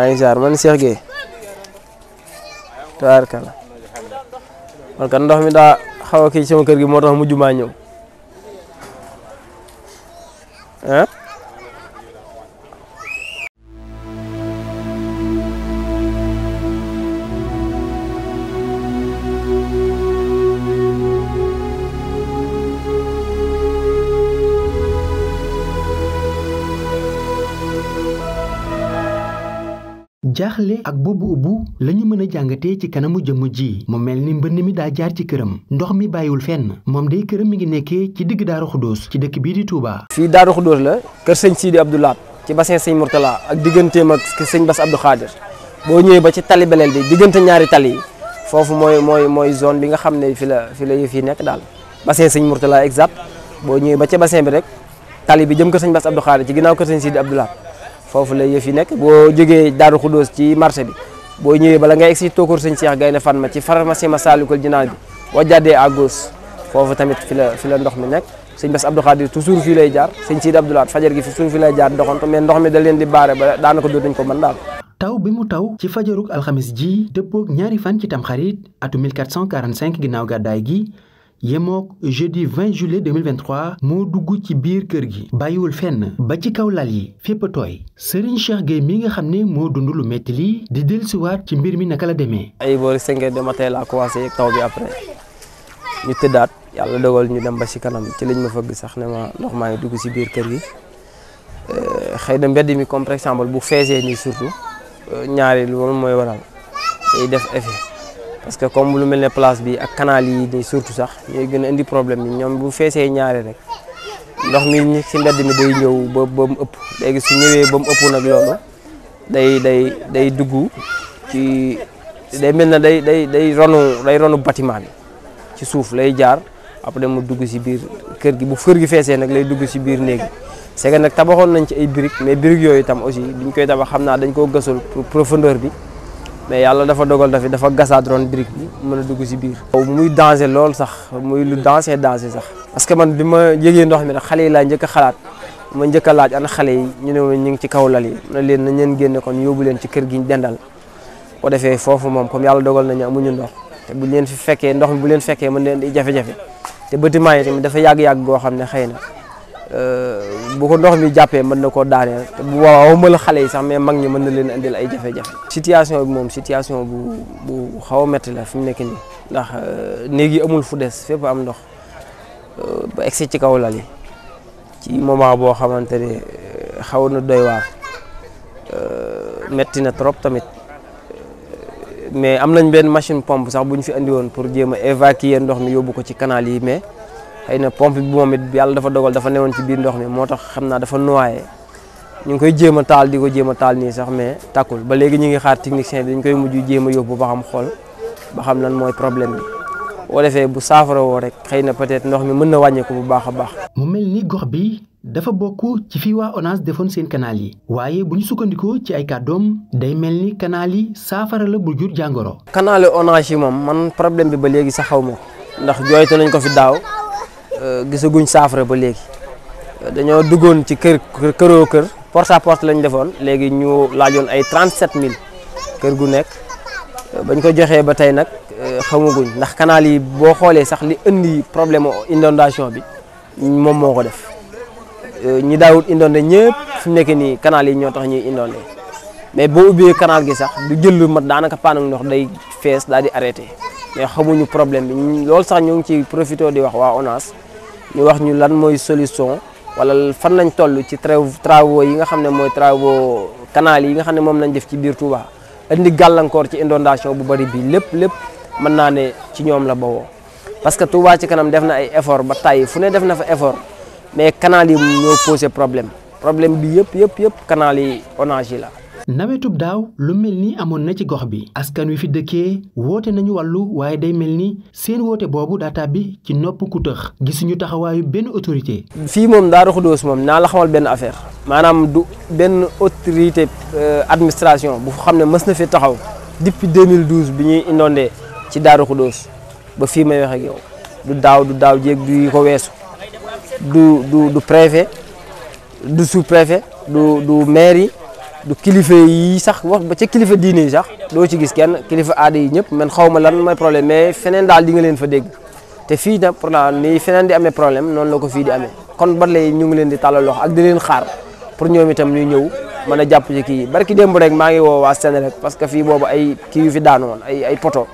maa ngi ziar man Cheikh Gueye tabaarkalla man kat ndox mi daa xawa a kii sama kër gi moo tax mujj maa ñëw ah jaaxle ak boobu ubbu la ñu mën a jàngatee ci kanamu jëmm jii mu mel ni mbënn mi daa jaar ci këram ndox mi bàyyiwul fenn moom day këram mi ngi nekkee ci digg Daaru Xudóos ci dëkk bii di Touba. fii Daaru Xudóos la kër sëñ Sidi Abdou ci bassin sëñ Mourtala ak digganteem ak sëñ Bass Abdou Khadir boo ñëwee ba ci tali beleel bi diggante ñaari tali foofu mooy mooy mooy zone bi nga xam ne fi la fi la yëf yi nekk daal bassin sëñ Mourtala exact boo ñëwee ba ca bassin bi rek tali bi jëm kër sëñ Bass Abdou Khadir ci ginnaaw kër sëñ Sidi Abdou Lahat foofu la yëf nekk boo jógee Daaru Xudóos ci marché bi boo ñëwee bala ngay egg si Tokor Sëñ Cheikh Gaynde ma ci ma pharmacie Massalikul Jinaan bi boo jàddee à gauche foofu tamit fi la fi la ndox mi nekk sëñ Bass Abdou Khadir toujours fii lay jaar sëñ Sidi Abdoulaat fajar gi fi toujours lay jaar doxantu mais ndox mi da leen di baare ba daanaka dootuñ ko mën daal. taw bi mu taw ci fajaruk alxamis ji dëppook ñaari fan ci tam tamxarit atu 1445 ginnaaw gàddaay gi. yemook jeudi 20 juillet 2023 moo dugg ci biir kër gi bàyyiwul fenn ba ci kaw lal yi fépp tooy Serigne Cheikh Gueye mi nga xam ni moo dund lu métti lii di dellusiwaat ci mbir mi naka la demee. ay boori 5 heures de matin laa taw bi après ñu tëddaat yàlla dogal ñu dem ba ci kanam ci lañ ma fëgg sax ne ma ndox maa ngi dugg ci biir kër gi euh, xëy na mbedd mi comme par exemple bu feesee nii surtout euh, ñaari loolu mooy waral day def effet. parce que comme lu mel ne place bi ak canal yi nii surtout sax ñooy gën a indi problème bi ñoom bu feesee ñaare rek ndox mi ñi si mbedd mi day ñëw ba mu ëpp léegi si ñëwee ba mu ëpp nag loolu day day day dugg ci day mel na day day day ronu day ronu bâtiment bi ci suuf lay jaar après mu dugg si biir kër gi bu kër gi feesee nag lay dugg si biir néegi c'est que nag tabaxoon nañ ci ay briques mais briques yooyu tam aussi biñ koy tabax xam naa dañ koo gësul pour profondeur bi mais yàlla dafa dogal dafi dafa gasaat roon brique bi mën a dugg si biir. muy danger lool sax muy lu danger danger sax. parce que man bi ma yëgee ndox mi nag xale yi laa njëkk a xalaat ma njëkk laaj an xale yi ñu ne woon ñu ngi ci kaw lal yi na leen na leen génne kon yóbbu leen ci kër gi ñu dendal ko defee foofu moom comme yàlla dogal mu amuñu ndox te buñ leen fi fekkee ndox mi bu leen fekkee mën leen di jafe-jafe te bâtiment yi tamit dafa yàgg-yàgg goo xam ne xëy na euh, bu ko ndox mi jàppee mën na koo daaneel te bu waaw waxuma la xale yi sax mais mag ñi mën na leen indil ay jafe-jafe. situation moom situation bu bu xaw a metti la fi mu nekk ndax euh, néeg yi amul fu des fépp am ndox euh, egsi ci kaw lal ci moment boo xamante ne euh, xaw na doy waar metti na trop tamit. mais am nañ benn machine pompe sax bu ñu fi indi woon pour jéem a évacuer ndox mi yóbbu ko ci canal yi mais xëy na pompe bi moom it yàlla dafa dogal dafa newoon ci biir ndox mi moo tax xam naa dafa noyé ñu ngi koy jéem a taal di ko jéem a taal nii sax mais takkul ba léegi ñu ngi xaar technicien dañ koy mujj jéem a yóbbu xool ba xam lan mooy problème bi bu saafara woo rek xëy na peut-être ndox mi mën na wàññeeku bu baax a baax. mu mel ni gox bi dafa bokk ci fi waa ONAS defoon seen canal yi. waaye bu ñu sukkandikoo ci ay kàddoom day mel ni canal yi saafara la bu jur jàngoro. canal yi ONAS yi moom man problème bi ba léegi sax xaw ma ndax jooytu nañ ko fi daaw. Euh, gisaguñ saafara ba léegi dañoo duggoon ci kër këroo kër porte à porte lañ defoon léegi ñu laajoon ay 37000 kër gu nekk euh, bañ ko joxee ba tey nag euh, xamaguñ ndax canal boo xoolee sax li indi problème inondation bi moom moo ko def ñi daawut inondé ñëpp fi mu nekk nii canal yi ñoo tax ñuy inondé mais boo ubbee canal gi sax du jël lu mat daanaka paanu ndox day fees daal di arrêté mais xamuñu problème bi lool sax ñu ngi ci profité di wax waa ONAS ñu wax ñu lan mooy solution wala fan lañ toll ci travaux yi nga xam ne mooy travaux kanaal yi nga xam ne moom lañ def ci biir Touba indi gàllankoor ci inondation bu bari bi lépp lépp mën naa ne ci ñoom la bawoo parce que Touba ci kanam def na ay effort ba tàyyi fu ne def na fa effort mais canal yi ñoo posé problème problème bi yëpp yëpp yëpp canal yi onage yi la nawetub daaw lu mel nii amoon na ci gox bi askan wi fi dëkkee woote nañu wàllu waaye day mel ni seen woote boobu daataa bi ci nopp ku gisuñu taxawaayu benn autorité. fii moom Daaru Xudoos moom naa la xamal benn affaire maanaam du benn autorité euh, administration bu xam ne mës na fi taxaw depuis 2012 bi ñuy inondé ci Daaru Xudoos ba fii may wax ak du daaw du daaw jéeg du ko weesu du du du du sous préfet du du maire du kilifa yi sax wax ba ca kilifa diine yi sax doo ci gis kenn kilifa aada yi ñëpp man xaw ma lan mooy problème mais feneen daal di nga leen fa dégg te fii nag pour ni feneen di amee problème noonu la ko fii di ame kon ba léegi ñu ngi leen di tàllal ak di leen xaar pour ñoom itam ñu ñëw mën jàpp ci kii barki démb rek maa ngi woo waa Sénélec parce que fii boobu ay kii yu fi daanu woon ay ay poto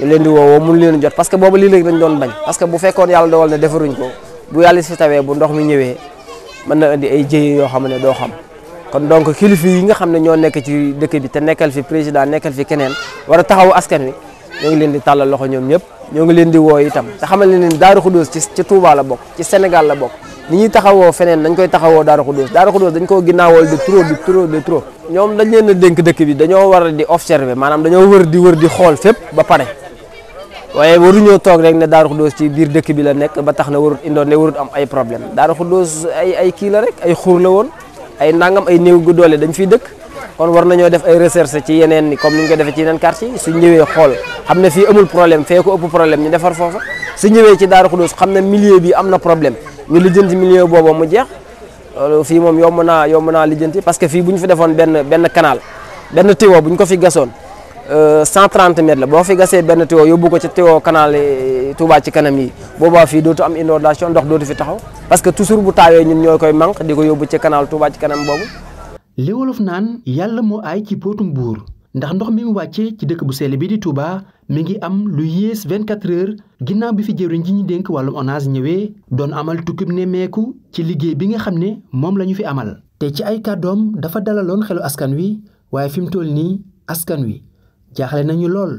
ñu leen di woowoo mun leen jot parce que boobu lii léegi dañ doon bañ parce que bu fekkoon yàlla dogal ne defaruñ ko bu yàlla si tawee bu ndox mi ñëwee mën na indi ay jëye yoo xam ne doo xam kon donc kilifa yi nga xam ne ñoo nekk ci dëkk bi te nekkal fi président nekkal fi keneen war a taxawu askan wi ñoo ngi leen di tàllal loxo ñoom ñëpp ñoo ngi leen di woo itam te xamal ne leen Daaru Xudóos ci ci Touba la bokk ci Sénégal la bokk ni ñuy taxawoo feneen dañ koy taxawoo Daaru Xudóos Daaru Xudóos dañ koo ginnaawal de trop de trop de trop ñoom leen a dëkk bi dañoo war a di observer maanaam dañoo wër di wër di xool fépp ba pare waaye ñoo toog rek ne Daaru ci biir dëkk bi la nekk ba tax na warut indoon ne warut am ay problème Daaru Xudóos ay kii la rek ay xur la woon ay nangam ay néew gu doole dañ fiy dëkk kon war nañoo def ay recherche ci yeneen ni comme ni ñu ko defee ci yeneen quartier su ñëwee xool xam ne fii amul problème fee ko ëpp problème ñu defar foofa su ñëwee ci Daaru Xudoos xam ne milieu bi am na problème ñu lijjanti milieu boobu mu jeex loolu fii moom yomb naa yomb naa lijjanti parce que fii bu ñu fi defoon benn benn canal benn tiwo bu ñu ko fi gasoon 130 mètres la boo fi gasee benn tuyau yóbbu ko ci tuyau kanaal eh, Touba ci kanam yi boobaa fii dootu am inondation ndox dootu fi taxaw parce que toujours bu taawee ñun ñoo koy manque di ko yóbbu ci canal Touba ci kanam boobu. li wolof naan yàlla moo ay ci pootum buur ndax ndox mi mu wàccee ci dëkk bu sell bi di Touba mi ngi am lu yées 24 heures ginnaaw bi fi jëwriñ ji ñu dénk wàllum ONAS ñëwee doon amal tukkib nemmeeku ci liggéey bi nga xam ne moom la ñu fi amal. te ci ay kàddoom dafa dalaloon xelu askan wi waaye fi mu toll nii askan wi. jaaxle nañu lool